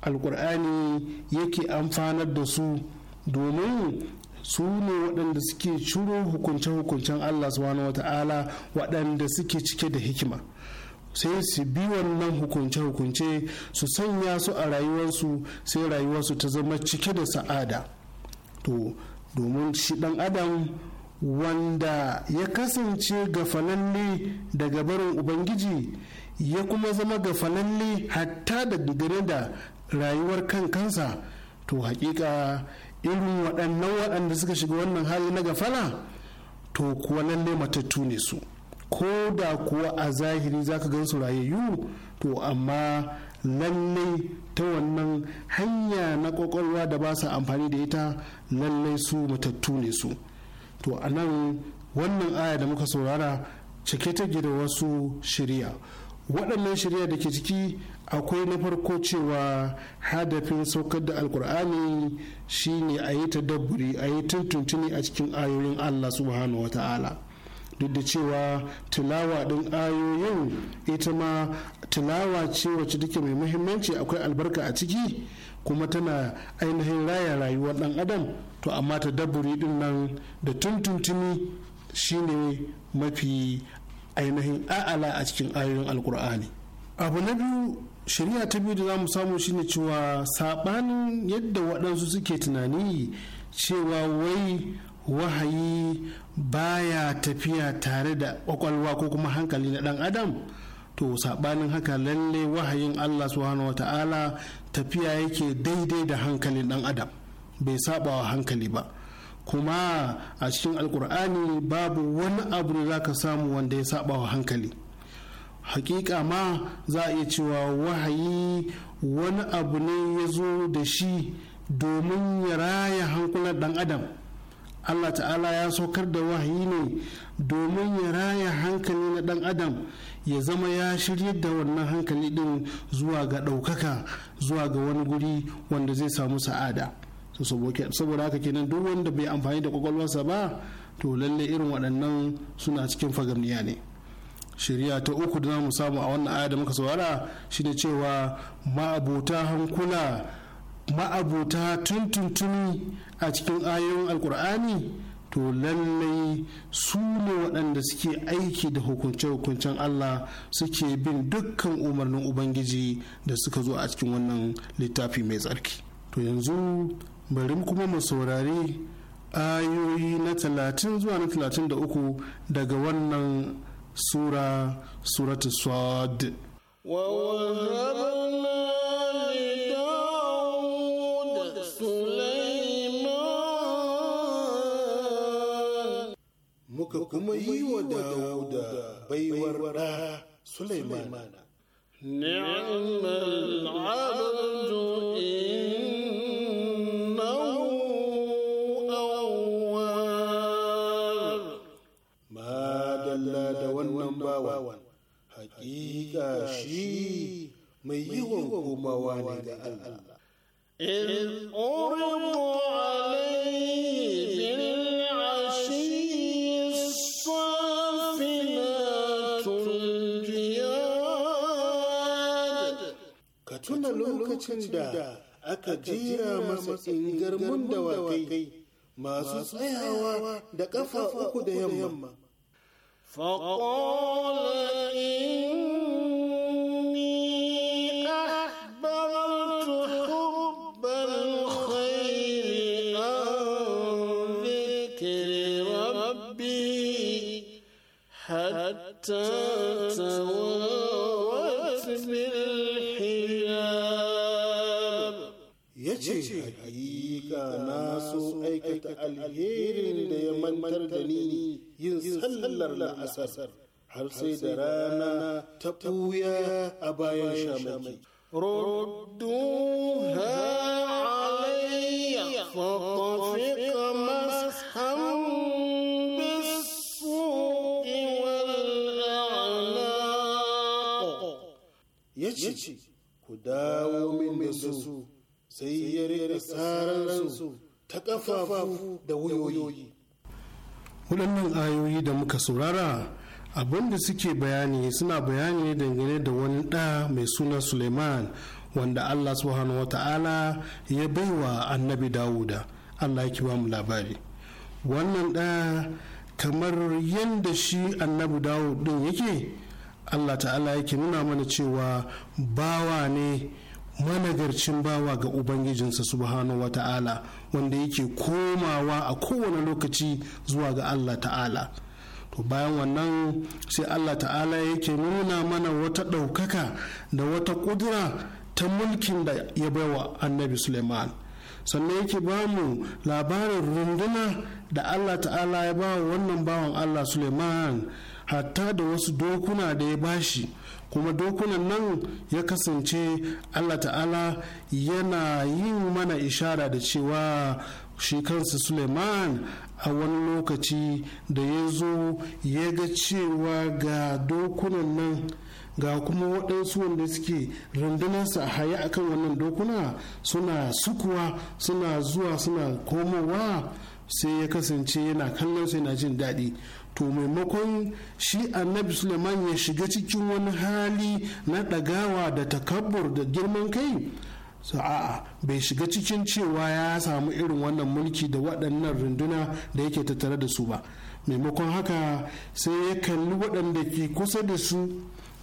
alkur'ani yake amfanar da su domin su ne waɗanda suke ciro hukunce-hukuncen allah subhanahu wata'ala waɗanda suke cike da hikima sai su bi wannan hukunce-hukunce su sanya su a rayuwarsu sai rayuwarsu ta zama cike da sa'ada to domin shi dan adam wanda ya kasance gafalalle daga barin ubangiji ya kuma zama gafalalle hatta da digire da rayuwar kan kansa to hakika irin waɗannan waɗanda suka shiga wannan hali na gafala to kuwa lalle matattu ne su ko da kuwa a zahiri zaka gan su rayayyu to amma lallai ta wannan hanya na kwakwalwa da ba sa amfani da ita lallai su matattu ne su to a nan wannan aya da muka saurara cike ta da wasu shirya waɗannan shirya da ke ciki akwai na farko cewa hadafin saukar da alkur'ani shine a yi ta dabburi a yi tuntuntuni a cikin ayoyin allah subhanahu wa ta'ala duk da cewa tilawa ɗin ayoyin ita ma tilawa ce wacce take mai muhimmanci akwai albarka a ciki kuma tana ainihin raya rayuwar ɗan adam to amma ta daburi ɗin nan da tuntuntuni shine mafi ainihin a'ala a cikin ayoyin alkur'ani abu na biyu shari'a ta biyu da za mu samu shine cewa saɓanin yadda waɗansu suke tunani cewa wai wahayi baya tafiya tare da kwakwalwa ko kuma hankali na dan adam to sabanin haka lalle wahayin allah subhanahu ta'ala tafiya yake daidai da hankalin dan adam bai saba wa hankali ba kuma a cikin alkur'ani babu wani abu da zaka samu wanda ya saba wa hankali hakika ma za a iya cewa wahayi wani abu ne ya zo da shi domin ya raya hankulan dan adam allah ta'ala ya saukar da wahayi ne domin ya raya hankali na ɗan adam ya zama ya shirya da wannan hankali din zuwa ga ɗaukaka zuwa ga wani guri wanda zai samu sa'ada saboda haka kenan duk wanda bai amfani da kwakwalwarsa ba to lalle irin waɗannan suna cikin fagamniya ne shirya ta uku da mu samu a wannan aya da muka saurara shine cewa ma'abota hankula ma'abuta tuntuntuni a cikin ayoyin alkur'ani to lallai su ne waɗanda suke aiki da hukunce-hukuncen Allah suke bin dukkan umarnin Ubangiji da suka zo a cikin wannan littafi mai tsarki. To yanzu bari kuma mu saurari ayoyi na talatin zuwa na talatin da uku daga wannan sura suratu swad. muka kuma yi wa Dawuda baiwar ɗa Sulaimana. Ni'mal abdu innahu awwab. Madalla da wannan bawan, hakika shi mai yi komawa ne ga Allah. إذ أرض lokacin da aka jera masa da wakai masu tsayawa da ƙafa uku da yamma. ilmantar da ni yin sallar na la'asar har sai da rana ta ɓuya a bayan shamaki ردوها علي فطفق مسحا بالسوق والأعناق يجي كداو من بسو سيري رسارا ta ƙafafu da wuyoyi waɗannan ayoyi da muka saurara abin da suke bayani suna bayani dangane da wani ɗa mai suna suleiman wanda allah subhanahu wata'ala ya baiwa annabi dawuda allah ya ba mu labari wannan ɗa kamar yadda shi annabi dawud ɗin yake allah ta'ala yake nuna mana cewa bawa ne managarcin bawa ga ubangijinsa subhanahu wata'ala wanda yake komawa a kowane lokaci zuwa ga Allah ta'ala to bayan wannan sai Allah ta'ala yake nuna mana wata ɗaukaka da wata ƙudura ta mulkin da ya baiwa annabi suleiman sannan yake ba mu labarin runduna da Allah ta'ala ya ba wannan bawan Allah suleiman hatta da wasu dokuna da ya bashi kuma dokunan nan ya kasance allah ta'ala yana yin mana ishara da cewa shi suleiman a wani lokaci da ya zo ya ga cewa ga dokunan nan ga kuma waɗansu wanda suke rundunarsa a haya akan wannan dokuna suna sukuwa suna zuwa suna komowa sai ya kasance yana kallon sai yana jin daɗi to maimakon shi annabi suleiman ya shiga cikin wani hali na ɗagawa da takabbur da girman kai a'a bai shiga cikin cewa ya samu irin wannan mulki da waɗannan runduna da yake tattare da su ba maimakon haka sai ya kalli waɗanda ke kusa da su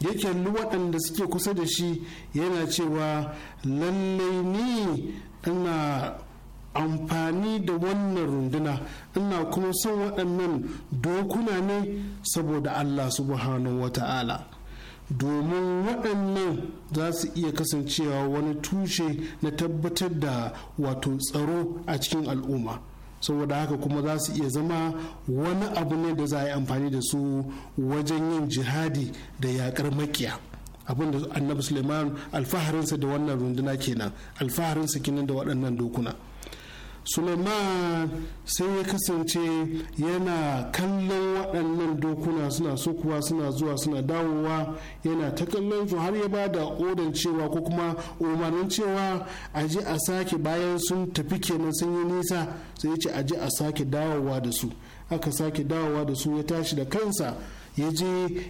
ya kalli waɗanda suke kusa da shi yana cewa lallai ni ina amfani da wannan runduna ina kuma son waɗannan dokuna ne saboda Allah subhanahu wa ta'ala domin waɗannan za su iya kasancewa wani tushe na tabbatar da wato tsaro a cikin al'umma saboda haka kuma za su iya zama wani abu ne da za a yi amfani da su wajen yin jihadi da yakar makiya abinda annabi suleiman alfaharinsa da wannan runduna kenan alfaharinsa kenan da waɗannan dokuna suleiman sai ya kasance yana kallon waɗannan dokuna suna sukuwa suna zuwa suna dawowa yana ta kallon su har ya ba da odan cewa ko kuma umarnin cewa a je a sake bayan sun tafi kenan sun yi nisa sai ya ce a ji a sake dawowa da su aka sake dawowa da su ya tashi da kansa ya je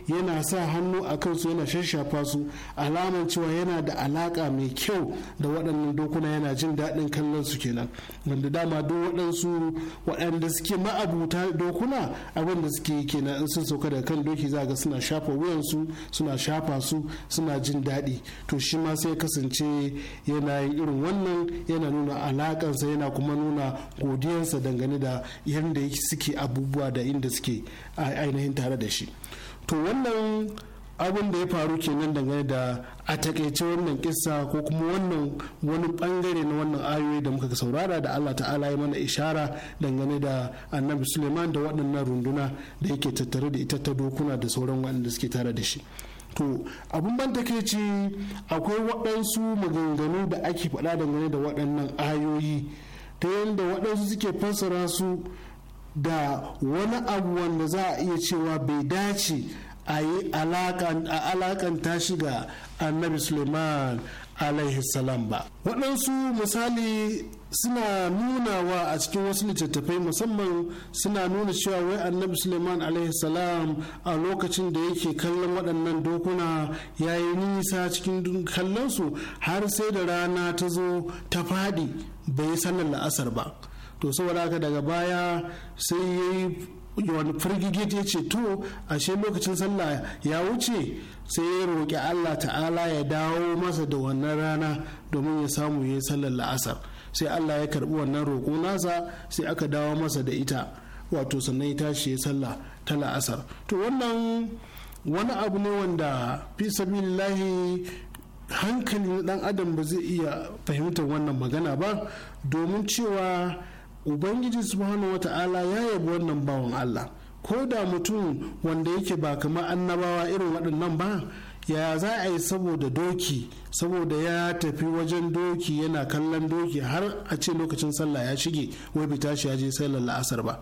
yana sa hannu a kansu yana shashafa su alaman cewa yana da alaka mai kyau da waɗannan dokuna yana jin daɗin kallon su kenan wanda dama duk waɗansu waɗanda suke ma'abuta dokuna abin da suke kenan in sun sauka da kan doki za ga suna shafa wuyansu suna shafa su suna jin daɗi to shi ma sai kasance yana yin irin wannan yana nuna alakansa yana kuma nuna godiyarsa dangane da yadda suke abubuwa da inda suke ainihin tare da shi to wannan abin da ya faru kenan dangane da a takaice wannan kisa ko kuma wannan wani bangare na wannan ayoyi da muka saurara da Allah ta'ala ya mana ishara dangane da annabi suleiman da waɗannan runduna da yake tattare da ita ta dokuna da sauran waɗanda suke tare da shi to abin ban takaici akwai waɗansu maganganu da ake faɗa dangane da waɗannan ayoyi ta yadda waɗansu suke fassara su da wani abu wanda za a iya cewa bai dace a yi alakanta shi ga annabi suleiman salam ba waɗansu misali suna nunawa a cikin wasu littattafai musamman suna nuna cewa wai annabi suleiman salam a lokacin da yake kallon waɗannan dokuna ya yi nisa cikin kallonsu har sai da rana ta zo ta faɗi bai yi la'asar ba to saboda haka daga baya sai ya yi wani firgige ya ce to ashe lokacin sallah ya wuce sai ya roƙi allah ta'ala ya dawo masa da wannan rana domin ya samu ya yi sallar la'asar sai allah ya karbi wannan roƙo nasa sai aka dawo masa da ita wato sannan ya tashi ya sallah ta la'asar to wannan wani abu ne wanda fi sabilillahi hankali na dan adam ba zai iya fahimtar wannan magana ba domin cewa ubangiji subhanahu wata'ala ya yabi wannan bawan allah ko da mutum wanda yake ba kamar annabawa irin waɗannan ba ya za a yi saboda doki saboda ya tafi wajen doki yana kallon doki har a ce lokacin sallah ya shige wai bai tashi ya je sallar la'asar ba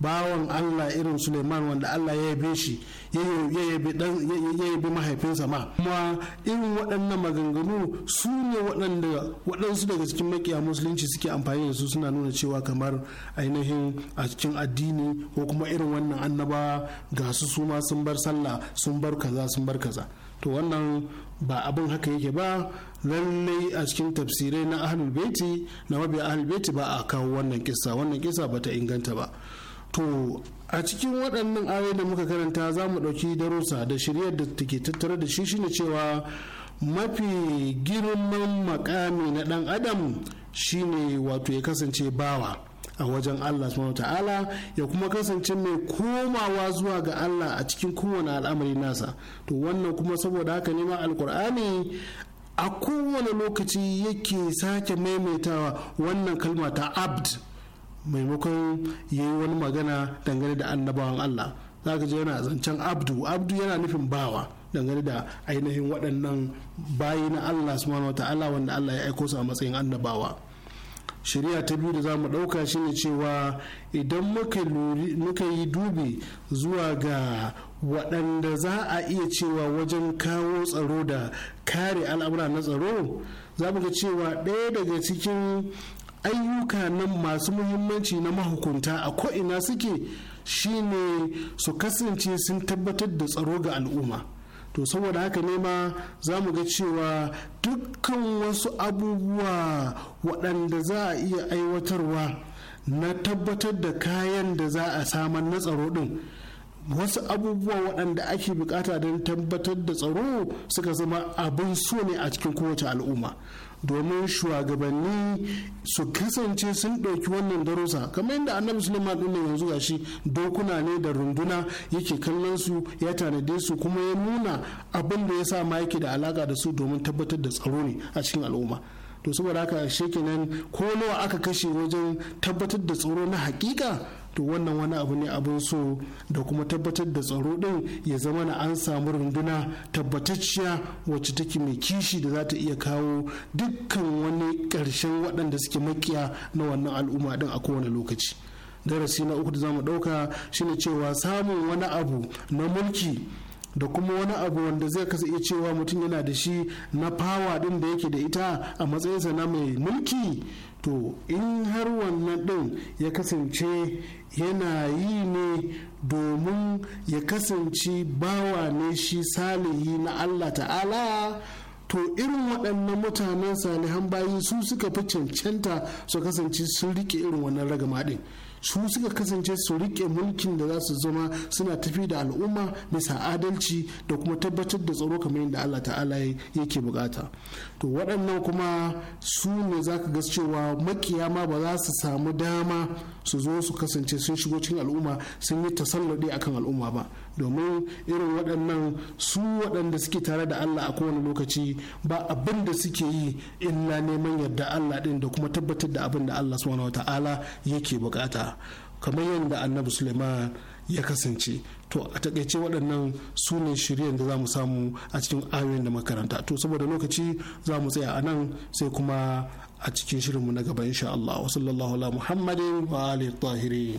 bawan Allah irin Suleiman wanda Allah ya yabe shi ya yabe mahaifinsa ma kuma irin waɗannan maganganu su ne waɗanda waɗansu daga cikin makiya musulunci suke amfani da su suna nuna cewa kamar ainihin a cikin addini ko kuma irin wannan annaba ga su su ma sun bar sallah sun bar kaza sun bar kaza to wannan ba abin haka yake ba lallai a cikin tafsirai na ahlul baiti na mabiya ahlul baiti ba a kawo wannan kisa wannan kisa bata inganta ba to a cikin waɗannan ayoyi da muka karanta za mu ɗauki darussa da shirya da take tattare da shi shine cewa mafi girman makami na ɗan adam shine wato ya kasance bawa a wajen Allah subhanahu ta'ala ya kuma kasance mai komawa zuwa ga Allah a cikin kowane al'amari nasa to wannan kuma saboda haka ne ma alkur'ani a kowane lokaci yake sake maimaitawa wannan kalma ta abd maimakon ya yi wani magana dangane da annabawan Allah zaka ji yana zancen abdu abdu yana nufin bawa dangane da ainihin waɗannan bayi na Allah subhanahu wata'ala wanda Allah ya aiko su a matsayin annabawa shari'a ta biyu da za mu ɗauka shine cewa idan muka yi dubi zuwa ga waɗanda za a iya cewa wajen kawo tsaro da kare al'amura na tsaro za mu ga cewa ɗaya daga cikin ayyuka nan masu muhimmanci na mahukunta a ko'ina suke shine su kasance sun tabbatar da tsaro ga al'umma to saboda haka ne ma za mu ga cewa dukkan wasu abubuwa waɗanda za a iya aiwatarwa na tabbatar da kayan da za a samar na tsaro ɗin wasu abubuwa waɗanda ake bukata don tabbatar da tsaro suka zama abin so ne a cikin kowace al'umma domin shugabanni su kasance sun ɗauki wannan darusa kamar yadda annabi suleiman ɗin yanzu gashi dokuna ne da runduna yake kallon su ya tanade su kuma ya nuna abin da ya sa ma yake da alaka da su domin tabbatar da tsaro ne a cikin al'umma to saboda haka shekenan ko nawa aka kashe wajen tabbatar da tsaro na hakika to wannan wani abu ne abin so da kuma tabbatar da tsaro din ya zama na an samu runduna tabbatacciya wacce take mai kishi da za ta iya kawo dukkan wani ƙarshen waɗanda suke makiya na wannan al'umma din a kowane lokaci darasi na uku da za zamu ɗauka shine cewa samun wani abu na mulki da kuma wani abu wanda zai kasa iya cewa mutum yana da shi na fawa din da yake da ita a matsayinsa na mai mulki to in har wannan ɗin ya kasance yana yi ne domin ya kasance bawa ne shi salihi na allah ta'ala to irin waɗannan mutanen salihan bayi su suka fi cancanta su kasance sun rike irin wannan ragama su suka kasance su rike mulkin da za su zama suna tafi da al'umma bisa adalci da kuma tabbatar da tsaro kamar yadda Allah ta'ala yake bukata to waɗannan kuma su ne za ka cewa makiyama ba za su samu dama su zo su kasance sun shigo cikin al'umma sun yi tasallade akan al'umma ba domin irin waɗannan su waɗanda suke tare da Allah a kowane lokaci ba abin da suke yi illa neman yadda Allah ɗin da kuma tabbatar da abin da Allah subhanahu wata'ala yake bukata kamar yadda annabi Suleiman ya kasance to a takaice waɗannan su ne shiryen da za mu samu a cikin ayoyin da makaranta to saboda lokaci za mu tsaya a nan sai kuma a cikin shirinmu na gaba insha Allah wa sallallahu ala muhammadin wa alihi tahirin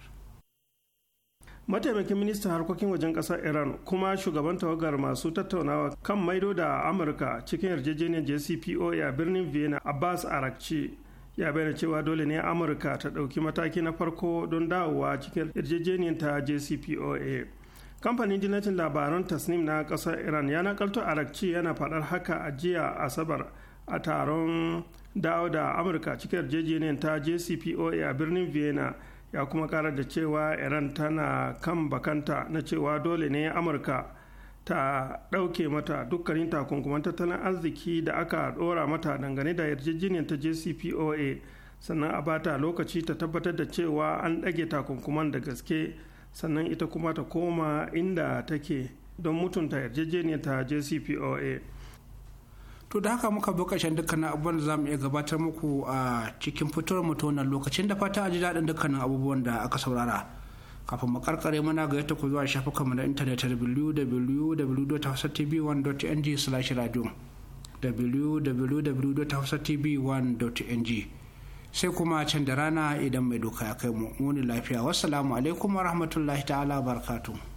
mataimakin ministan harkokin wajen ƙasar iran kuma shugaban tawagar masu tattaunawa kan maido da amurka cikin yarjejeniyar jcpoa a birnin vienna abbas arakci ya bayyana cewa dole ne amurka ta ɗauki mataki na farko don dawowa cikin yarjejeniyar ta jcpoa kamfanin jinatin labaran tasnim na ƙasar iran ya nakalto arakci yana faɗar haka a jiya asabar a taron dawo da amurka cikin yarjejeniyar ta jcpoa a birnin vienna ya kuma kara da cewa iran tana kan bakanta na cewa dole ne amurka ta ɗauke mata dukkanin takunkuman tattalin arziki da aka ɗora mata dangane da yarjejeniyar ta jcpoa sannan a bata lokaci ta tabbatar da cewa an ɗage takunkuman da gaske sannan ita kuma ta koma inda take don mutunta yarjejeniyar ta jcpoa to da haka muka bi ƙarshen dukkanin abubuwan da za iya gabatar muku a cikin fitowar mutum wannan lokacin da fata a ji daɗin dukkanin abubuwan da aka saurara kafin mu karkare muna ga yadda ku zuwa shafukan mu na intanet www.hausatv1.ng slash radio www.hausatv1.ng sai kuma can da rana idan mai doka ya kai mu muni lafiya wassalamu alaikum wa rahmatullahi ta'ala barakatuh